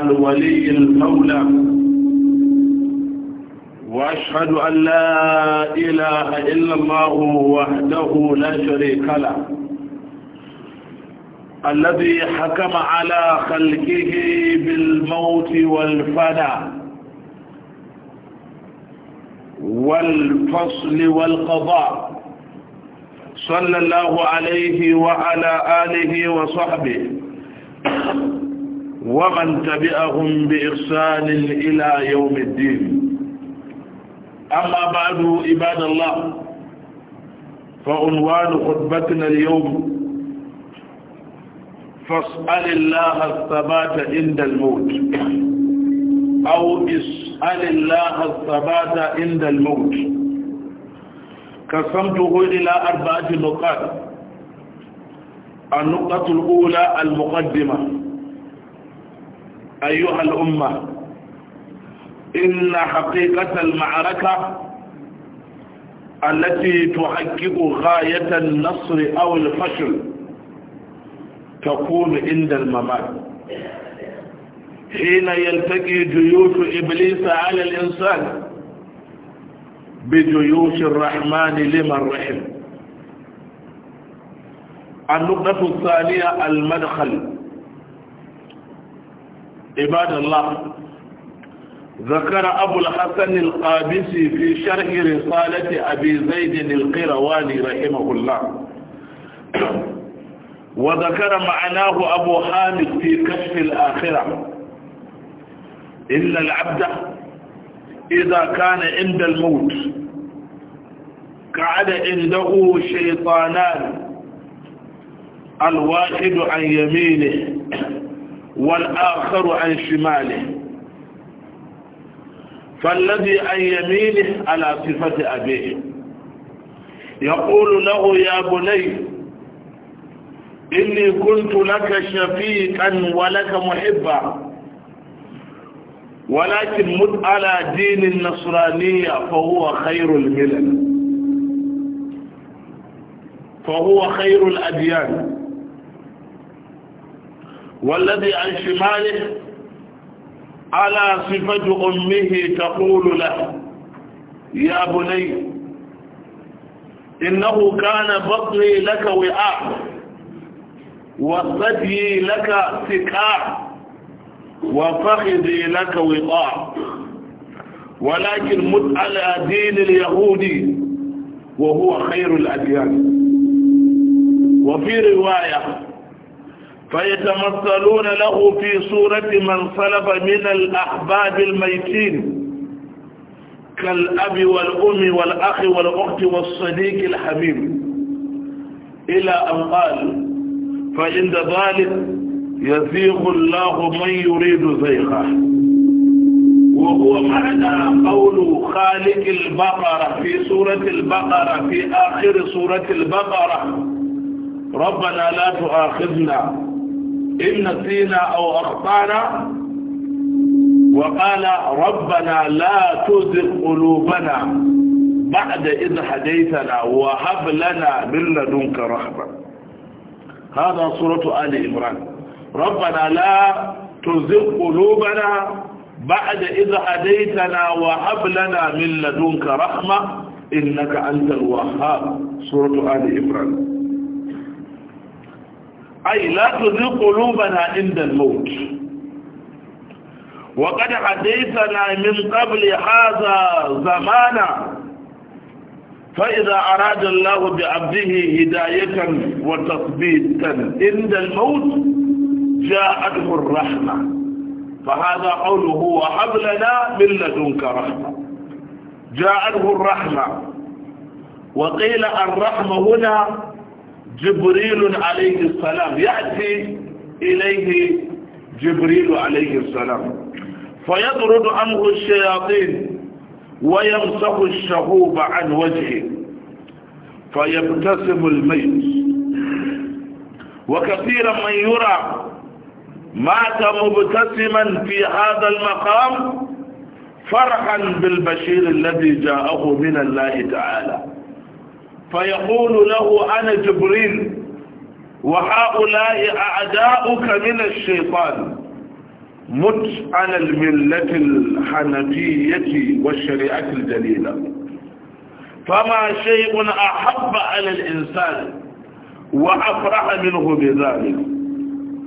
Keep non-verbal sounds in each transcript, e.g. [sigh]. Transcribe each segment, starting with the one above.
الولي المولى وأشهد أن لا إله إلا الله وحده لا شريك له الذي حكم على خلقه بالموت والفنى والفصل والقضاء صلى الله عليه وعلى آله وصحبه ومن تبعهم بإحسان إلى يوم الدين أما بعد عباد الله فعنوان خطبتنا اليوم فاسأل الله الثبات عند الموت أو اسأل الله الثبات عند الموت قسمته إلى أربعة نقاط النقطة الأولى المقدمة أيها الأمة إن حقيقة المعركة التي تحقق غاية النصر أو الفشل تكون عند الممات حين يلتقي جيوش إبليس على الإنسان بجيوش الرحمن لمن رحم النقطة الثانية المدخل عباد الله ذكر أبو الحسن القابسي في شرح رسالة أبي زيد القرواني رحمه الله [clears throat] وذكر معناه أبو حامد في كشف الآخرة إن العبد إذا كان عند الموت كعد عنده شيطانان الواحد عن يمينه [clears throat] والآخر عن شماله فالذي عن يمينه على صفة أبيه يقول له يا بني إني كنت لك شفيقا ولك محبا ولكن مت على دين النصرانية فهو خير الملل فهو خير الأديان والذي عن شماله على صفة أمه تقول له يا بني إنه كان بطني لك وعاء وصدي لك سكاء وفخذي لك وطاع ولكن مت على دين اليهودي وهو خير الأديان وفي رواية فيتمثلون له في صورة من صلب من الأحباب الميتين كالأب والأم والأخ والأخت والصديق الحبيب إلى أن قال فعند ذلك يزيغ الله من يريد زيغه وهو معنى قول خالق البقرة في سورة البقرة في آخر سورة البقرة ربنا لا تؤاخذنا إن نسينا أو أخطأنا وقال ربنا لا تزغ قلوبنا بعد إذ هديتنا وهب لنا من لدنك رحمة هذا سورة آل عمران ربنا لا تزغ قلوبنا بعد إذ هديتنا وهب لنا من لدنك رحمة إنك أنت الوهاب سورة آل عمران أي لا تذيق قلوبنا عند الموت وقد حديثنا من قبل هذا زمانا فإذا أراد الله بعبده هداية وتثبيتا عند الموت جاءته الرحمة فهذا قوله وهب لنا من لدنك رحمة جاءته الرحمة وقيل الرحمة هنا جبريل عليه السلام يأتي إليه جبريل عليه السلام فيطرد عنه الشياطين ويمسح الشهوب عن وجهه فيبتسم الميت وكثيرا من يرى مات مبتسما في هذا المقام فرحا بالبشير الذي جاءه من الله تعالى فيقول له أنا جبريل وهؤلاء أعداؤك من الشيطان مت على الملة الحنفية والشريعة الجليلة فما شيء أحب على الإنسان وأفرح منه بذلك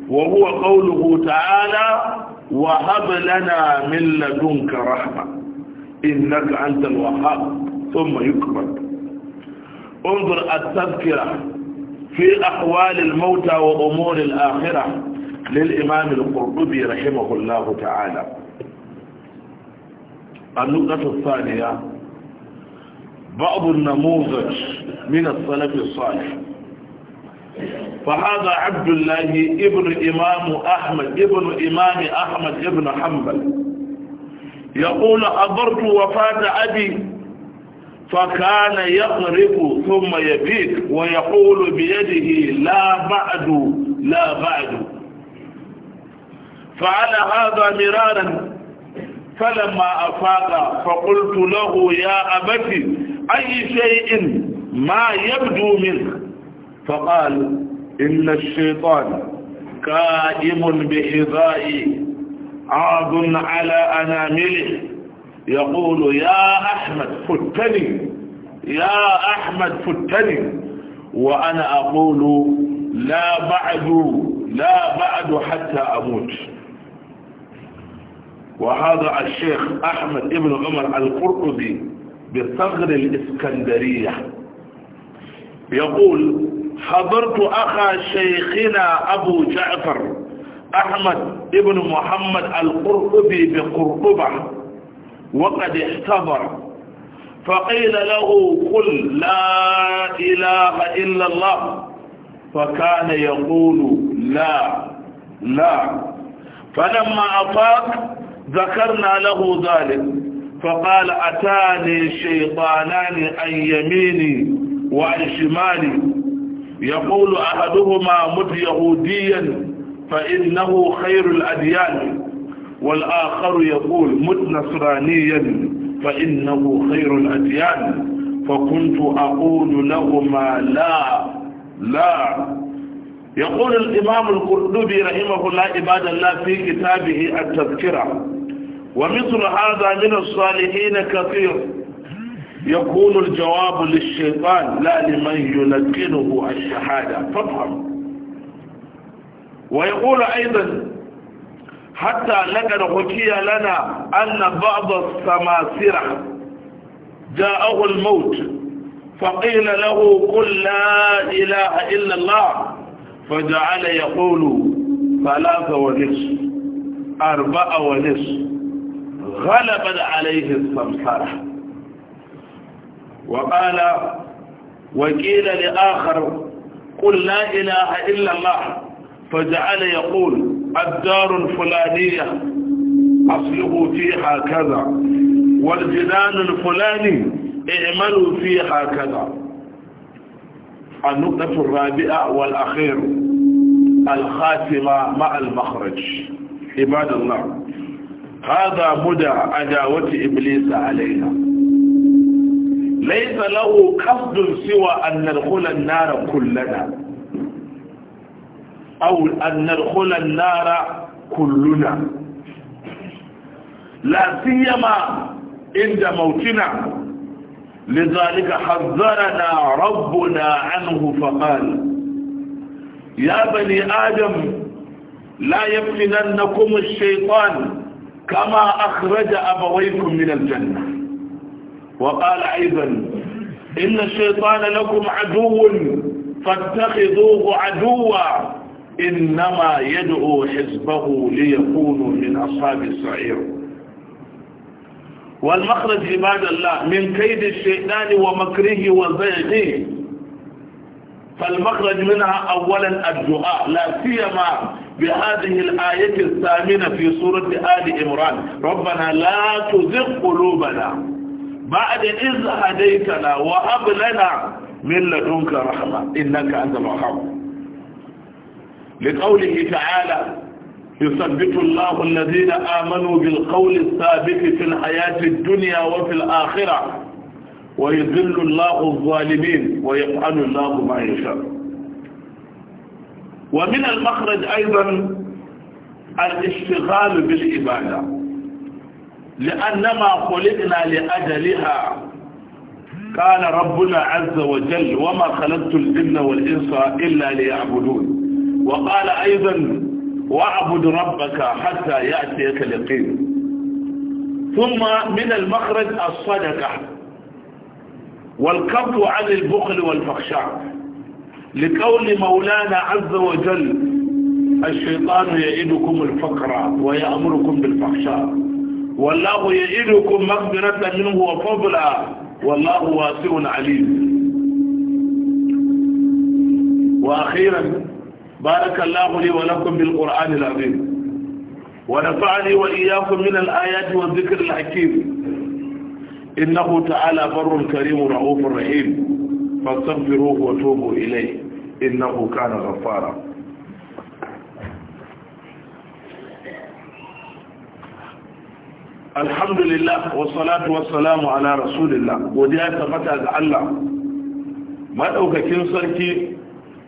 وهو قوله تعالى وهب لنا من لدنك رحمة إنك أنت الوهاب ثم يكبر انظر التذكرة في أحوال الموتى وأمور الآخرة للإمام القرطبي رحمه الله تعالى النقطة الثانية بعض النموذج من السلف الصالح فهذا عبد الله ابن إمام أحمد ابن إمام أحمد ابن حنبل يقول حضرت وفاة أبي فكان يضرب ثم يبيت ويقول بيده لا بعد لا بعد فعلى هذا مرارا فلما أفاق فقلت له يا أبت أي شيء ما يبدو منك فقال إن الشيطان كائم بحذائي عاض على أنامله يقول يا أحمد فتني يا أحمد فتني وأنا أقول لا بعد لا بعد حتى أموت وهذا الشيخ أحمد ابن عمر القرطبي بثغر الإسكندرية يقول حضرت أخا شيخنا أبو جعفر أحمد ابن محمد القرطبي بقرطبة وقد احتضر فقيل له قل لا إله إلا الله فكان يقول لا لا فلما أفاق ذكرنا له ذلك فقال أتاني شيطانان عن يميني وعن شمالي يقول أحدهما مد يهوديا فإنه خير الأديان والآخر يقول مت نصرانيا فإنه خير الأديان فكنت أقول لهما لا لا يقول الإمام القرطبي رحمه الله عباد الله في كتابه التذكرة ومثل هذا من الصالحين كثير يكون الجواب للشيطان لا لمن يلقنه الشهادة فافهم ويقول أيضا حتى لقد حكي لنا أن بعض السماسرة جاءه الموت فقيل له قل لا إله إلا الله فجعل يقول ثلاثة ونصف أربعة ونصف غلب عليه السمسرة وقال وقيل لآخر قل لا إله إلا الله فجعل يقول الدار الفلانية أصله فيها كذا والجدان الفلاني اعملوا فيها كذا النقطة الرابعة والأخير الخاتمة مع المخرج عباد الله هذا مدى عداوة إبليس علينا ليس له قصد سوى أن ندخل النار كلنا أو أن ندخل النار كلنا لا سيما عند موتنا لذلك حذرنا ربنا عنه فقال يا بني آدم لا يفتننكم الشيطان كما أخرج أبويكم من الجنة وقال أيضا إن الشيطان لكم عدو فاتخذوه عدوا إنما يدعو حزبه ليكونوا من أصحاب السعير والمخرج عباد الله من كيد الشيطان ومكره وزيغه فالمخرج منها أولا الدعاء لا سيما بهذه الآية الثامنة في سورة آل إمران ربنا لا تزغ قلوبنا بعد إذ هديتنا وهب لنا من لدنك رحمة إنك أنت الوهاب لقوله تعالى يثبت الله الذين آمنوا بالقول الثابت في الحياة الدنيا وفي الآخرة ويذل الله الظالمين ويفعل الله ما يشاء ومن المخرج أيضا الاشتغال بالعبادة لأنما خلقنا لأجلها قال ربنا عز وجل وما خلقت الجن والإنس إلا ليعبدون وقال أيضا واعبد ربك حتى يأتيك اليقين ثم من المخرج الصدقة والكف عن البخل والفخشاء لقول مولانا عز وجل الشيطان يعدكم الفقر ويأمركم بالفحشاء والله يعدكم مغفرة منه وفضلا والله واسع عليم وأخيرا بارك الله لي ولكم بالقرآن العظيم ونفعني وإياكم من الآيات والذكر الحكيم إنه تعالى بر كريم رؤوف رحيم فاستغفروه وتوبوا إليه إنه كان غفارا الحمد لله والصلاة والسلام على رسول الله وديا تبتا ga Allah madaukakin sarki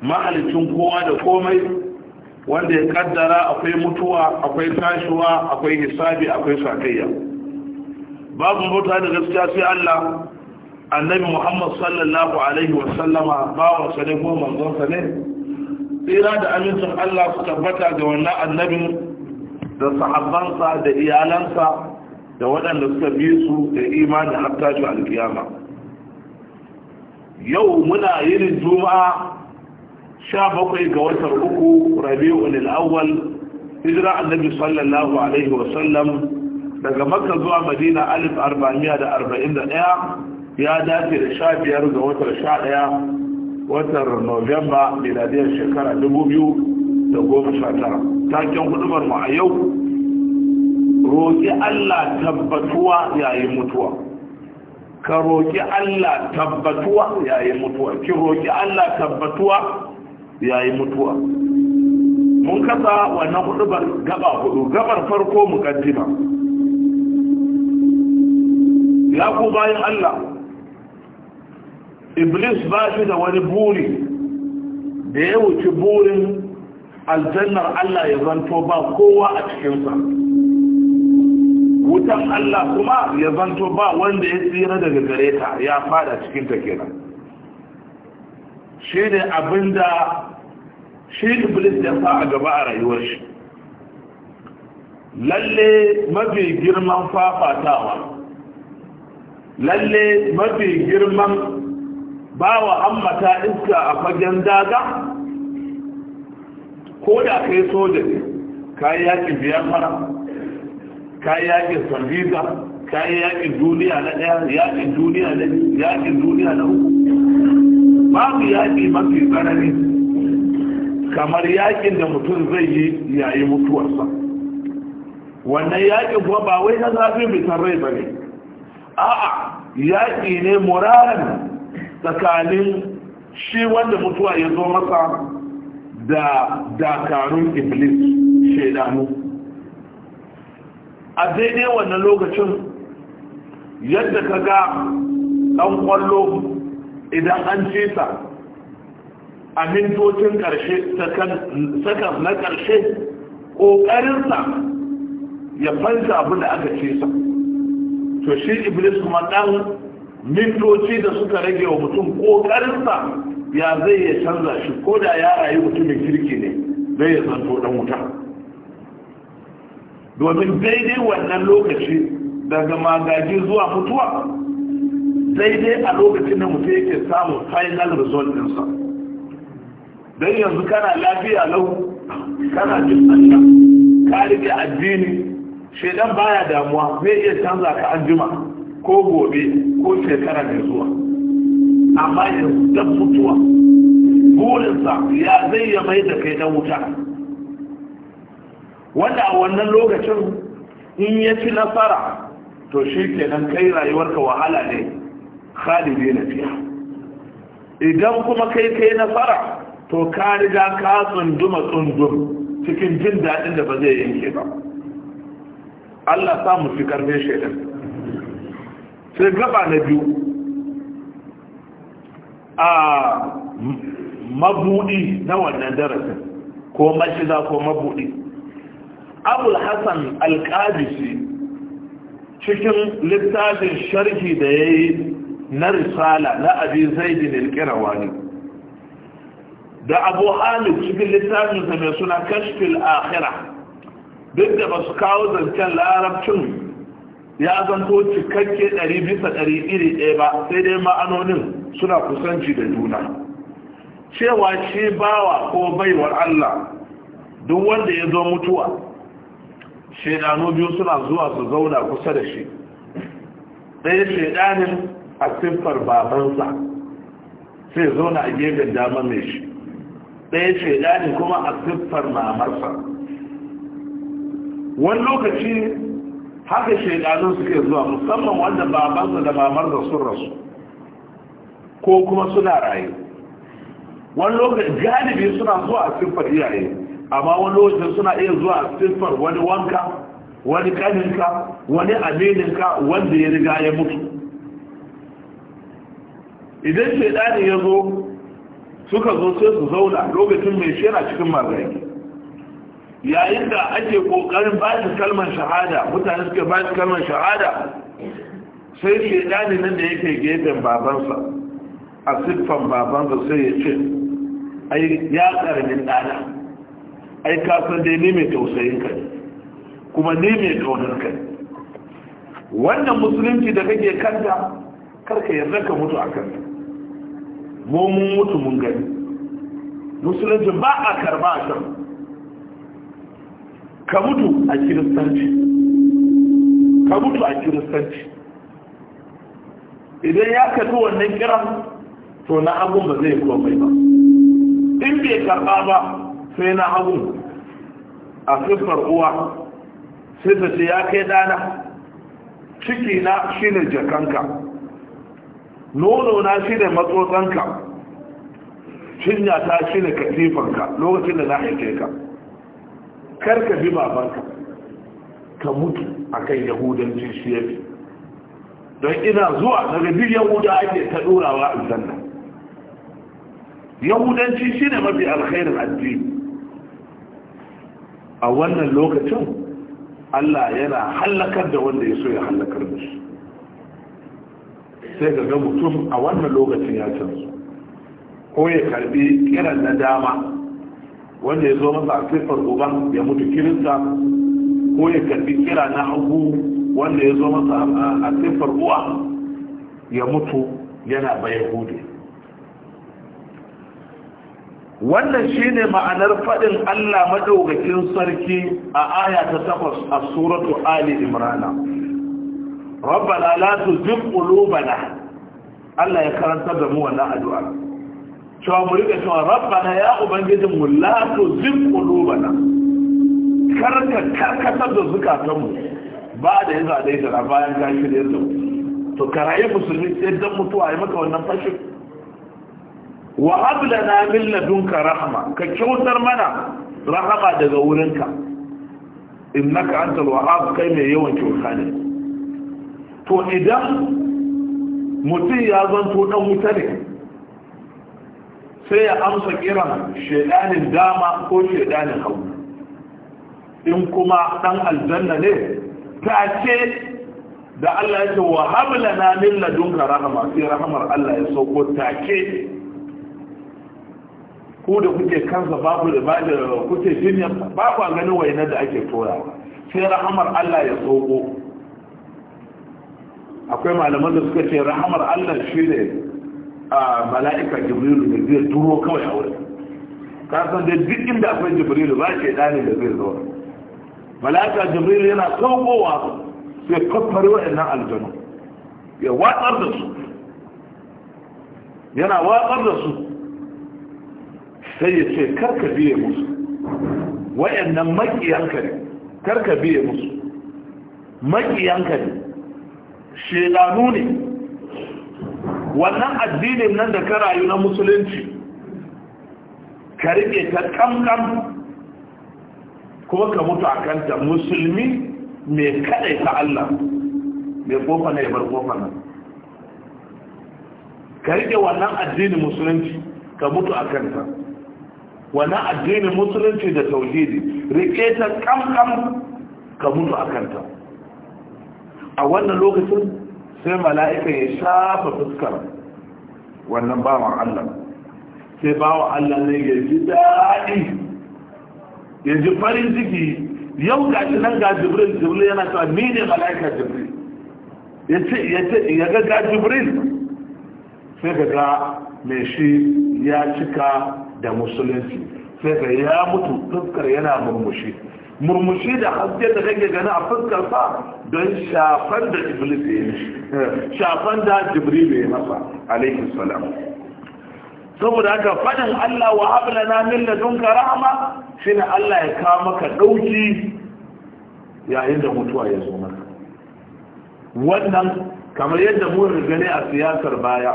mahalicin kowa da komai wanda ya kaddara akwai mutuwa akwai tashiwa akwai hisabi akwai sakayya babu mota da gaskiya sai Allah annabi Muhammad sallallahu alaihi wasallama bawan sa ne ko manzon sa ne tsira da amincin Allah su tabbata ga wannan annabin da sahabbansa da iyalansa da waɗanda suka bi su da imani har tashi alkiyama yau muna yin juma'a sha bakwai ga watan uku rabi'un al'awwal hijira annabi sallallahu alaihi wa Sallam, daga makka zuwa madina alif arba'amiya da arba'in da ɗaya ya dace da sha biyar ga watan sha ɗaya watan novemba miladiyar shekara dubu biyu da goma sha tara taken hudubar mu a yau roƙi allah tabbatuwa yayin mutuwa ka roƙi allah tabbatuwa yayin mutuwa ki roƙi allah tabbatuwa ya yi mutuwa mun kasa wannan hudu gaba hudu gabar farko mukaddima ya ku bayan Allah iblis ba shi da wani buri da ya wuce burin aljannar Allah ya zanto ba kowa a cikinsa wutan Allah kuma ya zanto ba wanda ya tsira daga gare ta ya fada cikinta kenan shi ne abin da shi iblis ya sa a gaba a rayuwar shi lalle mafi girman fafatawa lalle mafi girman ba wa hammata iska a fagen daga ko da kai soja ne kayi yakin biyar mara kayi yakin sandiza kayi yakin duniya na ɗaya yakin duniya na yakin duniya na uku babu yaƙi mafi tsanani kamar yaƙin da mutum zai yi yayi mutuwarsa wannan yaƙin kuwa ba wai na zafi bitan rai ba ne a'a yaƙi ne muraran tsakanin shi wanda mutuwa ya zo masa da dakarun iblis shaidanu a daidai wannan lokacin yadda ka ga ɗan ƙwallo idan an ta a mintocin ƙarshe saka na ƙarshe ƙoƙarinsa ya fanta abin da aka ce cesa to shi iblis kuma ɗan mintoci da suka rage wa mutum ƙoƙarinsa ya zai ya canza shi ko da ya rayu mutumin kirki ne zai ya zanto ɗan wuta domin daidai wannan lokaci daga magaji zuwa mutuwa sai dai a lokacin da mutum yake samun final result ɗinsa don yanzu kana lafiya lau kana jin sanya ka rike addini shaidan baya damuwa zai iya canza ka an jima ko gobe ko shekara mai zuwa amma yanzu don mutuwa burinsa ya zai ya mai da kai na wuta wanda a wannan lokacin in ya ci nasara to shi kenan kai rayuwarka wahala ne khalidi na fiya idan kuma kai kai nasara to ka riga ka tsunduma tsundum cikin jin daɗin da ba zai yanke ba Allah sa mu fi karfe shaidan sai gaba na biyu a mabuɗi na wannan darasin ko mashiga ko mabuɗi abul hassan alƙadisi cikin littafin sharhi da ya yi na risala na abi zaidin al ne da abu halid cikin littafin sa mai suna kashfil akhira duk da ba su kawo zancen larabcin ya zanto cikakke ɗari bisa ɗari iri ɗaya ba sai dai ma'anonin suna kusanci da juna cewa shi bawa ko baiwar Allah duk wanda ya zo mutuwa shaidanu biyu suna zuwa su zauna kusa da shi ɗaya shaidanin a siffar babansa sai zauna a gefen dama mai shi ɗaya ɗani kuma a siffar mamarsa wani lokaci haka shaidanun suke zuwa musamman wanda babansa da mamarsa sun rasu ko kuma suna raye wani lokaci galibi suna zuwa a siffar iyaye amma wani lokacin suna iya zuwa a siffar wani wanka wani kaninka wani ka wanda ya riga ya mutu idan shaidani ya zo suka zo sai su zauna lokacin mai shi yana cikin margari yayin da ake kokarin ba su kalmar shahada mutane suke ba su kalmar shahada sai shaidani nan da yake gefen babansa a siffan babansa sai ya ce ai ya karamin ɗana ai kasar dai ni mai tausayin kai kuma ni mai ƙaunar kai wannan musulunci da kake kanta karka yarda ka mutu a kanta mu mun mutu mun gani musulunci ba a karba a can ka mutu a kiristanci ka mutu a kiristanci idan ya karbi wannan kiran to na abun ba zai komai ba in bai karɓa ba sai na abun a siffar uwa sai ta ce ya kai dana ciki na shine jakanka nono na shi ne matsotsanka cinya ta shi ne katifanka lokacin da na haife ka kar ka bi babanka ka mutu a kan yahudanci shi ya fi don ina zuwa daga duk yahuda ake ta ɗorawa a zanna yahudanci shi ne mafi alkhairin addini a wannan lokacin Allah yana hallakar da wanda ya so ya hallakar da shi sai ga ga mutum a wannan lokacin ya canzu ko ya karbi kiran na dama wanda ya zo masa a siffar uban ya mutu kirinsa ko ya karbi kira na hagu wanda ya zo masa a siffar uwa ya mutu yana bayan hudu wannan shi ne ma'anar faɗin Allah madaukakin sarki a aya ta takwas a suratu Ali Imrana rabbana la tuzigh qulubana Allah ya karantar da mu wannan addu'a cewa mu rika cewa rabbana ya ubangijin mu la tuzigh qulubana karka karkatar da zukatan mu ba da yanzu a daidara bayan ka da mu to karayi musulmi sai dan mutuwa ya maka wannan fashin wa hablana min ladunka rahma ka kyautar mana rahama daga wurinka innaka antal wahab kai mai yawan kyauta ne to idan mutum ya zanto dan wuta ne sai ya amsa kiran shaidanin dama ko shaidanin hau in kuma dan aljanna ne ta ce da Allah ya ce wa hamla na min ladunka rahama sai rahamar Allah ya sauko ta take ku da kuke kansa babu da kuke jinya ba ku ganin waina da ake toyawa sai rahamar Allah ya sauko akwai malaman da suka ce rahamar Allah shi ne a mala'ika jibrilu da zai turo kawai a wurin kasan da duk inda akwai jibrilu ba ce dani da zai zo mala'ika jibrilu yana saukowa sai kwakwari waɗannan aljanu ya watsar da su yana watsar da su sai ya ce karka biye musu waɗannan maƙiyanka ne karka biye musu maƙiyanka ne shedanu ne wannan addinin nan da ka rayu na musulunci ka rike ta kamkam kuma ka mutu a kanta musulmi mai kadai ta Allah mai kofa na yabar kofa nan ka rike wannan addinin musulunci ka mutu a kanta wannan addinin musulunci da tauhidi rike ta kamkam ka mutu a kanta a wannan lokacin sai mala'ika ya shafa fuskar wannan bawan Allah sai bawan Allah ne ya ji daɗi ya ji farin ciki yau gashi nan ga jibril jibril yana cewa ni ne mala'ika jibril ya ce ya ga ga jibril sai ga ga mai shi ya cika da musulunci sai ga ya mutu fuskar yana murmushi murmushi da haske da kake gani a fuskar sa don shafan da iblis ya yi [laughs] shafan da jibril ya yi masa alaihi salam saboda haka fadin Allah wa hablana min ladunka rahma shine Allah ya kawo maka dauki yayin da mutuwa ya zo maka wannan kamar yadda mun gani a siyasar baya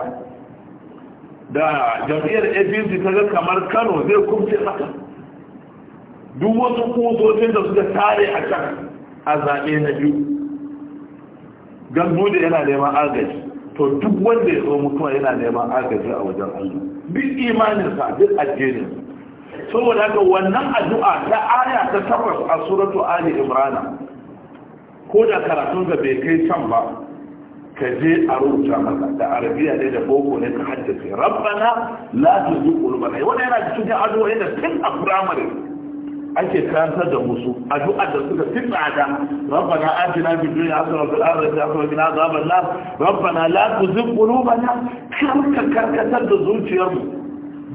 da jam'iyyar apc ta ga kamar kano zai kumce maka duk wasu kusurcin da suka tare a can a zaɓe na biyu gandu da yana neman agaji to duk wanda ya zo mutuwa yana neman agaji a wajen allah duk imaninsa duk addinin saboda haka wannan addu'a ta aya ta tabbas a suratu ali imrana ko da karatun ga bai kai can ba كذي أروت عملا دا عربية ليلة بوكو ليلة حدثي ربنا لا تزيق قلوبنا وانا انا جسو جان عدو هنا سن أفرامري أجي كانت هذا مصوب أجو أدو سنة سن عدا ربنا آجنا في الدنيا أصلا في الأرض في أصلا من عذاب الله ربنا لا تزيق قلوبنا كم كركة تزوج يرمو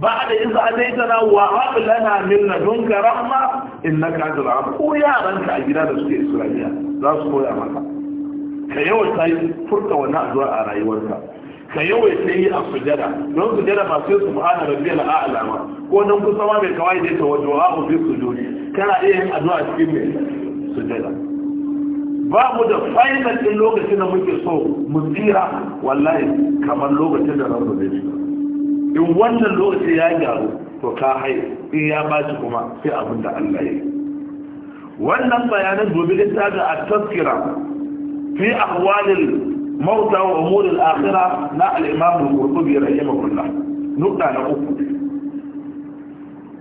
بعد إذا أتيتنا وعب لنا من لدنك رحمة إنك عدو العمل ويا رنك أجنا بسكي إسرائيل لا سكو يا مرحب ka yawaita yi furta wannan addu'a a rayuwarka ka yawaita yi a sujada don sujada ba sai subhana rabbiyal a'la alama, ko don kusa ma mai kawai da ta wadu'a su sujudi kana iya yin addu'a cikin mai sujada ba mu da final din lokacin da muke so mu tsira wallahi kamar lokacin da rabu zai shiga in wannan lokaci ya gyaru to ka hai in ya baci kuma sai abin da Allah ya yi wannan bayanan domin ga a taskira fi ahwalil mauta wa umuril akhirah na al-imam al-qurtubi rahimahullah nukta na uku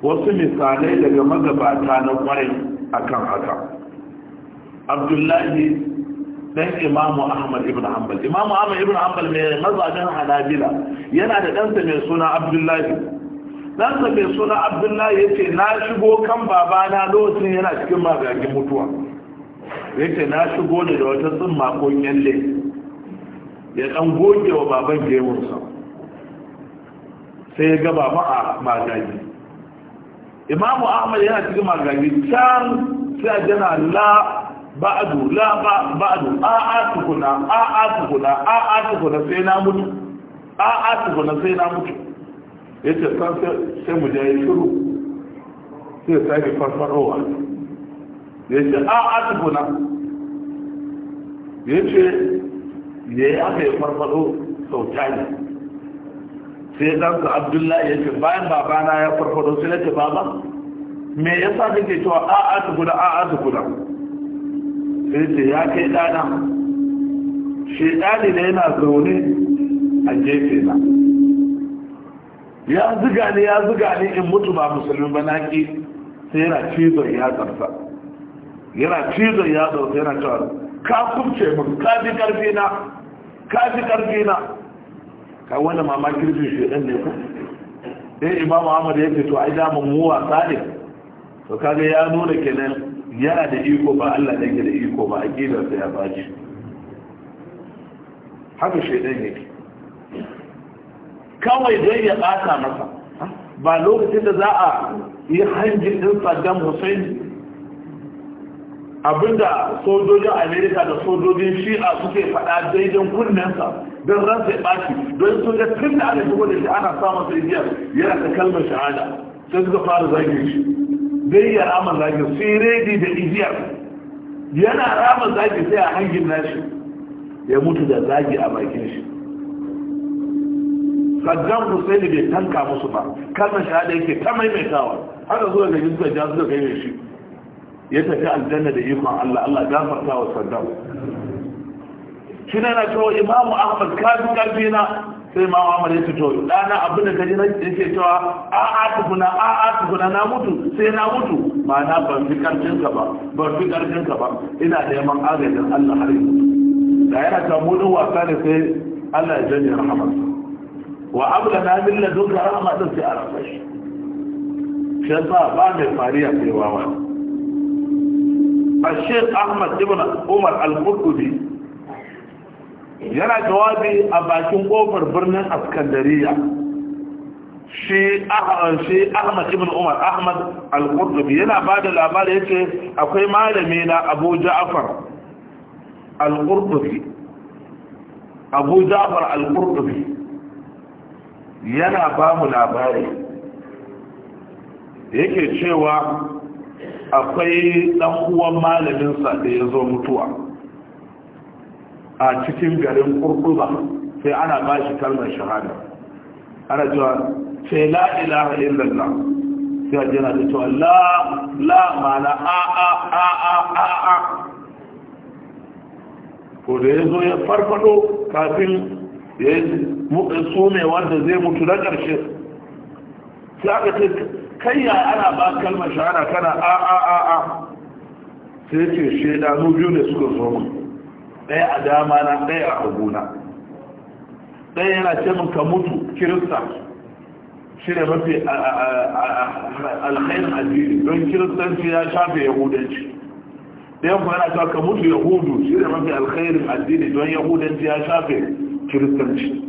wasu misalai daga magabata na kwarai akan haka abdullahi dan imamu ahmad ibn hanbal imamu ahmad ibn hanbal mai mazhabin hanabila yana da ɗansa mai suna abdullahi ɗansa mai suna abdullahi ya ce na shigo kan babana lokacin yana cikin magagin mutuwa yace na shigo ne da wata tsumma makon yalle ya dan goge wa baban gemunsa sai ya ga baba a magaji imamu ahmad yana cikin magaji can sai a jana la ba'adu la ba'adu a a tukuna a a tukuna a a tukuna sai na mutu a a tukuna sai na mutu yace san sai mu je shiru sai sake farfarowa ya ce a na ya ce ya yi aka yi farfado sau tani sai su abdullahi ya ce bayan babana ya farfado sai ya ce baba me ya sa kake cewa a na a azubuna sai ce ya kai ɗana shaidani ne yana zaune a gefe na ya zuga ne ya zuga ne in mutu ba musulmi ba na sai yana cizon ya tsarsa yana cizon ya dauta yana cewa ka kubce min ka fi karfi na ka fi karfi na ka wanda mama kirji shi dan ne ku dai eh, imamu ahmad ya ce to ai da mun muwa sadiq to kaga ya nuna kenan yana da iko ba Allah ne da iko ba aqidar sa ya baji haka shi dan yake kawai dai ya tsaka masa ba lokacin da za a yi hanjin din Saddam Hussein abinda sojojin amerika da sojojin shi'a suke faɗa daidan kunnensa don ransa ya ɓaci don sun ga tun da alaƙi wadda shi ana samun sai biyar yana ta kalmar shahada sai suka fara zagin shi dai ya rama zagin sai redi da iziyar yana rama zagi sai a hangin nashi ya mutu da zagi a bakin shi saddam hussein bai tanka musu ba kalmar shahada yake ta maimaitawa haka zuwa ga jinsu da jasu da kai shi ya tafi aljanna da ikon Allah Allah gafarta wa saddam shi ne na cewa imamu ahmad kafin karfi na sai ma wa ya fito ɗana abin da ka na yake cewa a a tukuna a a tukuna na mutu sai na mutu ma na ban fi karfin ka ba ban fi karfin ka ba ina neman agajin Allah har yanzu da yana kamudin wasa ne sai Allah ya janye rahama wa abla na min ladunka rahama din sai a rasa shi shi yasa ba mai fariya sai wawa الشيخ أحمد umar عمر القرطبي yana jawabi a bakin kofar birnin askandariya shi ahmad ibn umar ahmad al-qurtubi yana ba da labari ya ce akwai malami na abu ja'afar al-qurtubi abu ja'afar al-qurtubi yana ba mu labari yake cewa akwai dan uwan malaminsa da ya zo mutuwa a cikin garin kurkuba sai ana ba shi kalmar shahada ana cewa ce la ilaha illallah sai a jana da cewa la la mana a a a a a a ko da ya zo ya farfado kafin ya yi tsume wanda zai mutu na ƙarshe sai aka ce kayya ana ba kalmar shahara kana a a a a sai ce shaidanu biyu ne suka zo mu ɗaya a dama na ɗaya a na. ɗaya yana ce min ka mutu kirista shi ne mafi alkhairin addini don kiristanci ya shafe yahudanci ɗayan kuma yana cewa ka mutu yahudu shi ne mafi alkhairin addini don yahudanci ya shafe kiristanci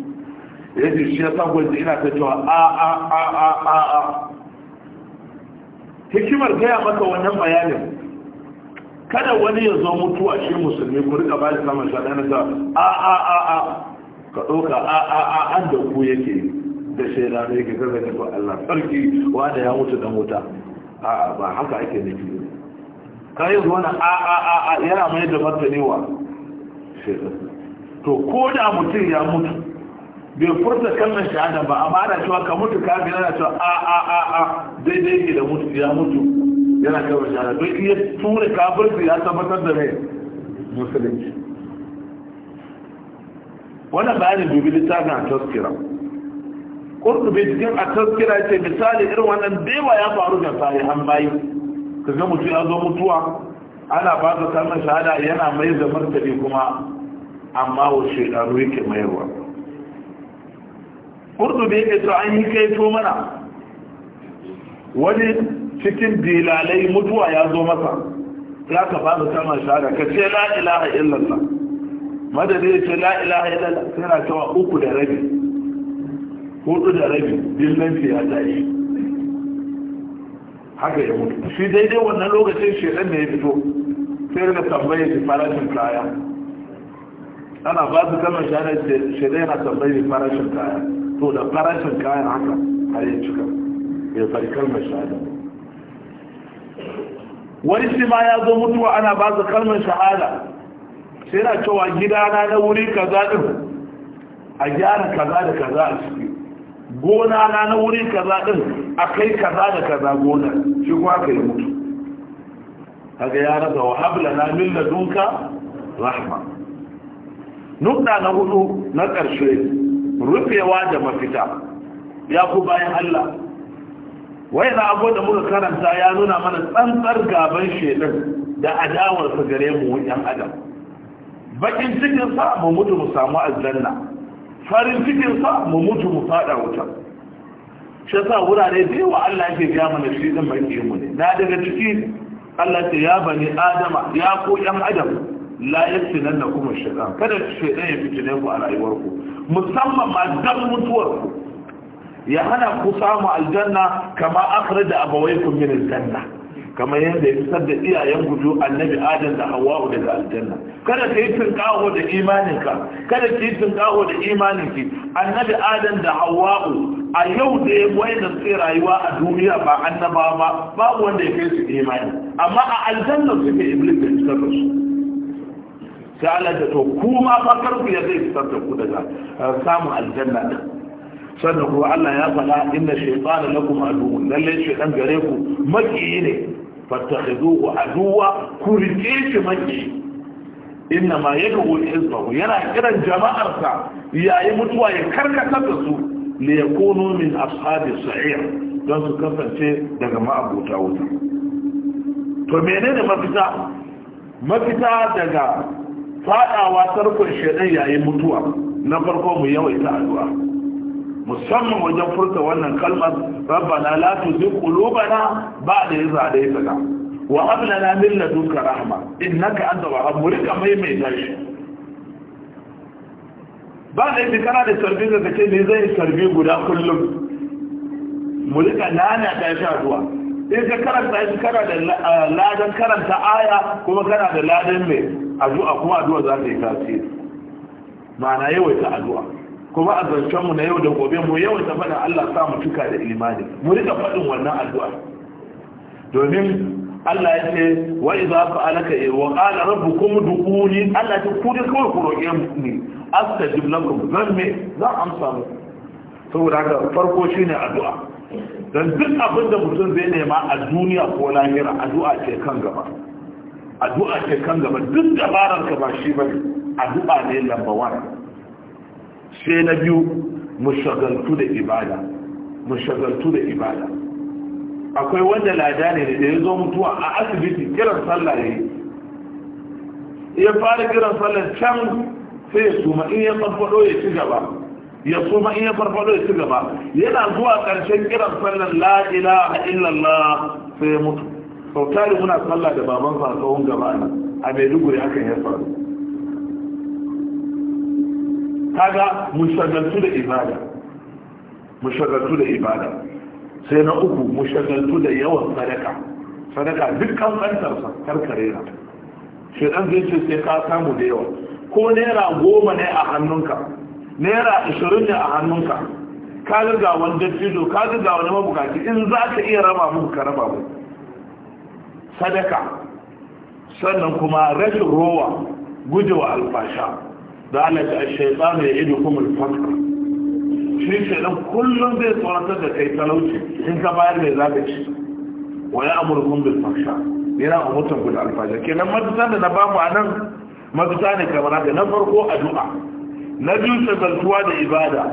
ya shi ya sa ina ta cewa a a a a a a hikimar gaya maka wannan bayanin kada wani ya zo mutuwa shi musulmi ku rika ba shi sama shaɗana ta a a a a ka ɗauka a a a an da ku yake da shaidana yake gaza ne ba Allah sarki wanda ya mutu da mota a a ba haka ake nufi ka yi zuwa a a a a yana mai da martani wa to ko da mutum ya mutu bai furta kallon shahada ba amma ana cewa ka mutu gina yana cewa a a a a daidai ke da mutu ya mutu yana kallon shahada don iya tura kafirci ya tabbatar da mai musulunci wannan bayanin dubi littafin a taskira bai cikin a taskira ce misali irin wannan dewa ya faru da an bayi ka ga mutu ya zo mutuwa ana ba ka kallon shahada yana mai zamar martani kuma amma wa shekaru yake mayarwa da ya to an yi kai mana wani cikin dilalai mutuwa ya zo masa ya ka ba da kama shahada ka ce la ilaha illallah madadi ya ce la ilaha illallah yana cewa uku da rabi hudu da rabi dillanci ya tashi haka ya mutu shi daidai wannan lokacin shekan da ya fito sai da tambaye farashin kaya ana ba su kama shahada shekan yana tambaye farashin kaya to da farashin kayan haka har ya cika ya farkar mai shahada wani shi ma ya zo mutuwa ana ba su kalmar shahada sai na cewa gidana na wuri kaza din a gyara kaza da kaza a ciki gona na na wuri kaza din a kai kaza da kaza gona shi kuma ka yi mutu kaga ya rasa wa habla na min ladunka rahma nukta na hudu na ƙarshe rufewa da mafita ya ku bayan Allah wai na abu da muka karanta ya nuna mana tsantsar gaban shaidan da adawarsa gare mu yan adam bakin cikin sa mu mutu mu samu aljanna farin cikin sa mu mutu mu fada wuta shi yasa wurare da yawa Allah yake ga mana shi din mai mu ne na daga ciki Allah ya bani adama ya ku yan adam la nan na kuma shaitan kada shaitan ya fitine ku a rayuwarku musamman ma dan mutuwarku ya hana ku samu aljanna kama akhrada abawaykum min aljanna kamar yadda ya fitar da iyayen gudu annabi adam da hawa'u daga aljanna kada ka yi kawo da imaninka kada ka yi kawo da imaninki annabi adam da hawa'u a yau da ya gwai da rayuwa a duniya ba annaba ba babu wanda ya kai su imani amma a aljanna suke iblis da fitar da su sai Allah ta to kuma fa ku ya zai fitar da ku daga eh, samun aljanna din sannan kuma Allah ya faɗa inna shaytana lakum aduwwun lalle shaytan gare ku maki ne fattakhiduhu aduwa ku rike shi inna ma yad'u hizbahu yana kiran jama'ar ka yayi mutuwa ya karkata da su li yakunu min ashabi sa'ir don su kasance daga ma'abuta wuta to menene mafita mafita daga faɗawa tarkon shaidan yayin mutuwa na farko mu yawaita addu'a musamman wajen furta wannan kalmar rabbana la tuzigh qulubana ba'da idh hadaytana wa hab lana min ladunka rahma innaka antal wahhab mu rika maimaita shi ba da kana da sarbi da kake ne zai sarbi guda kullum mu rika nana ta shi zuwa in ka karanta shi kana da eh, ladan karanta aya kuma kana da ladan mai addu'a kuma addu'a za ta yi tasiri ma'ana yawaita addu'a kuma a zancen mu na yau da gobe mu yawaita faɗin Allah sa mu cika da imani mu rika faɗin wannan addu'a domin Allah ya ce wa idza fa'alaka e, wa qala rabbukum duquni Allah ta kudi kawai ku roƙe ni astajib lakum zan me zan amsa mu saboda haka farko shine addu'a dan duk abin da mutum zai nema a duniya ko lahira addu'a ce kan gaba addu'a ce kan gaba duk dabarar ka ba shi bane addu'a ne lamba wani sai na biyu mushagaltu da ibada mushagaltu da ibada akwai wanda lada ne da ya zo mutuwa a asibiti kiran sallah ya ya fara kiran sallar can sai ya suma in ya farfado ya ci gaba ya suma in ya farfado ya ci gaba yana zuwa ƙarshen kiran sallar la ilaha illallah sai ya mutu sau tari muna sallah da baban sa tsohon gaba ne a maiduguri yi ya faru kaga mushagaltu da ibada mushagaltu da ibada sai na uku mushagaltu da yawan sadaka sadaka dukkan kantarsa karkare na shi dan zai ce sai ka samu da yawa ko naira goma ne a hannunka naira ashirin ne a hannunka ka ga ga wani dattijo ka ga ga wani mabukaci in za ka iya raba muku ka raba muku sadaka sannan kuma rashin rowa gujewa alfasha da Allah a shaytan ya idu kuma alfasha shi shaytan kullum zai tsoratar da kai talauci in ka bayar mai zaka ci wa ya amurkum bil fahsha yana umurtan ku da alfasha kenan mafita da na bamu nan mafita ne kamar haka na farko addu'a na biyu shagaltuwa da ibada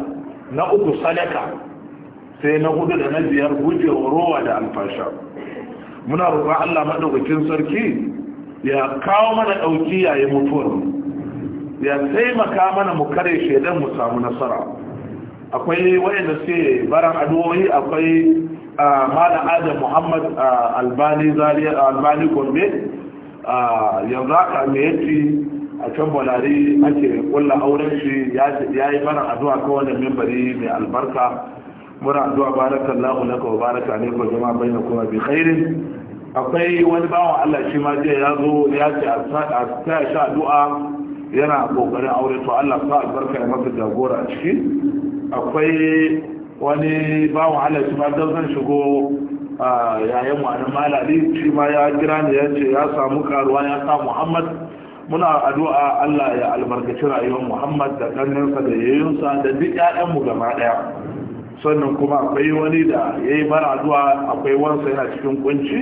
na uku sadaka sai na hudu da na biyar gujewa rowa da alfasha muna roƙon Allah maɗaukakin sarki ya kawo mana ɗauki yayin mutuwar ya taimaka mana mu kare shedan mu samu nasara akwai wayanda suke baran addu'o'i akwai mala adam muhammad albani zaria albani gombe yanzu haka mai yace a can bolari ake kulla auren shi ya yi baran addu'a ko wanda membari mai albarka muna addu'a barakallahu laka wa baraka ne wa jama'a kuma bi khairin akwai wani bawan Allah shi ma zai ya zo ya ce a sa sha addu'a yana kokarin aure to Allah sa albarka ya masa jagora a ciki akwai wani bawan Allah shi ma dan zan shigo yayan mu anan malali shi ma ya kira ne ya ce ya samu karuwa ya sa Muhammad muna addu'a Allah ya albarkaci rayuwar Muhammad da kannansa da yayinsa da duk ƴaƴan mu gaba daya sannan kuma akwai wani da ya yi mara zuwa akwai wansa yana cikin kunci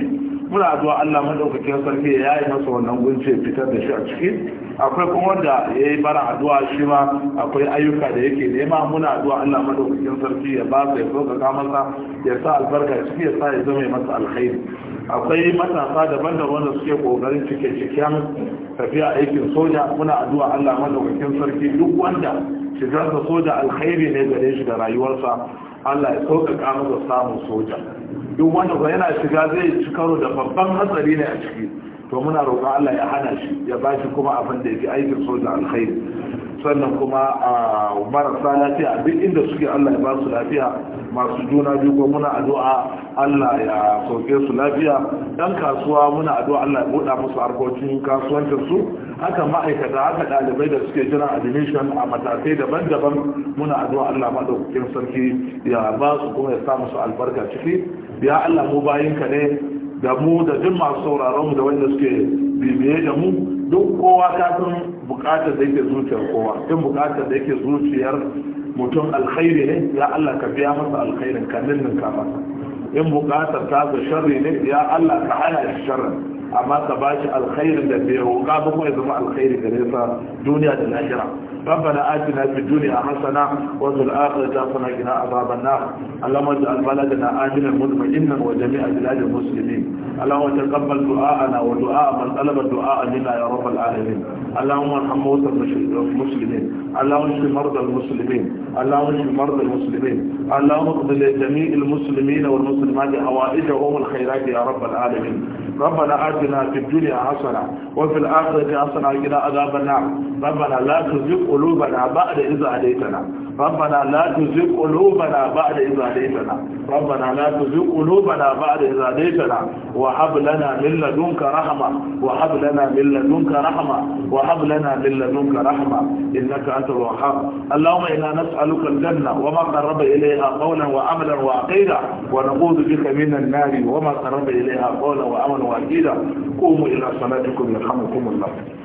muna zuwa Allah madaukakin sarki ya yi masa wannan kunci fitar da shi a ciki akwai kuma wanda ya yi mara zuwa shi ma akwai ayyuka da yake nema muna zuwa Allah madaukakin sarki ya ba sa ya sauƙaƙa masa ya sa albarka ciki ya sa ya zama masa alkhairi akwai matasa daban-daban da suke kokarin cike ciken tafiya aikin soja muna zuwa Allah madaukakin sarki duk wanda shigarsa soja alkhairi ne gare shi da rayuwarsa Allah ya sauƙaƙa masa samun soja duk wanda ba yana shiga zai ci karo da babban hatsari ne a ciki to muna roƙa Allah ya hana shi ya ba shi kuma abin da ya fi aikin soja alkhairi sannan kuma a marasa lafiya duk inda suke Allah ya ba su lafiya masu juna biyu ko muna addu'a Allah ya sauke su lafiya Ɗan kasuwa muna addu'a Allah ya buɗa musu harkokin kasuwancin haka ma'aikata haka ɗalibai da suke jiran admission a matakai daban-daban muna addu'a Allah madaukakin sarki ya ba su kuma ya sa su albarka ciki ya Allah mu ka ne da mu da duk masu sauraron mu da wanda suke bibiye da mu duk kowa ka san bukatar da yake zuciyar kowa duk bukatar da yake zuciyar mutum alkhairi ne ya Allah ka biya masa alkhairin ka ninninka masa in bukatar ta ga sharri ne ya Allah ka haya shi sharrin amma ka bashi alkhairin da bai roƙa ba kuma ya zama alkhairi gare sa duniya da lahira ربنا آتنا في الدنيا حسنة وفي الآخرة حسنة قنا عذاب النار اللهم اجعل بلدنا آمنا مطمئنا وجميع بلاد المسلمين اللهم تقبل دعاءنا ودعاء من طلب الدعاء منا يا رب العالمين اللهم ارحم موتى المسلمين اللهم اشف مرضى المسلمين اللهم اشف مرضى المسلمين اللهم اقض لجميع المسلمين والمسلمات حوائجهم الخيرات يا رب العالمين ربنا آتنا آتنا في الدنيا حسنة وفي الآخرة حسنة وقنا عذاب النار ربنا لا تزيق قلوبنا بعد إذا هديتنا ربنا لا تزيق قلوبنا بعد إذا هديتنا ربنا لا تزيق قلوبنا بعد إذا هديتنا وحب لنا من لدنك رحمة وحب لنا من لدنك رحمة وحب لنا من لدنك رحمة إنك أنت الوهاب اللهم إنا نسألك الجنة وما قرب إليها قولا وعملا وعقيدا ونعوذ بك من النار وما قرب إليها قولا وعملا وعقيدا قوموا إلى صلاتكم يرحمكم الله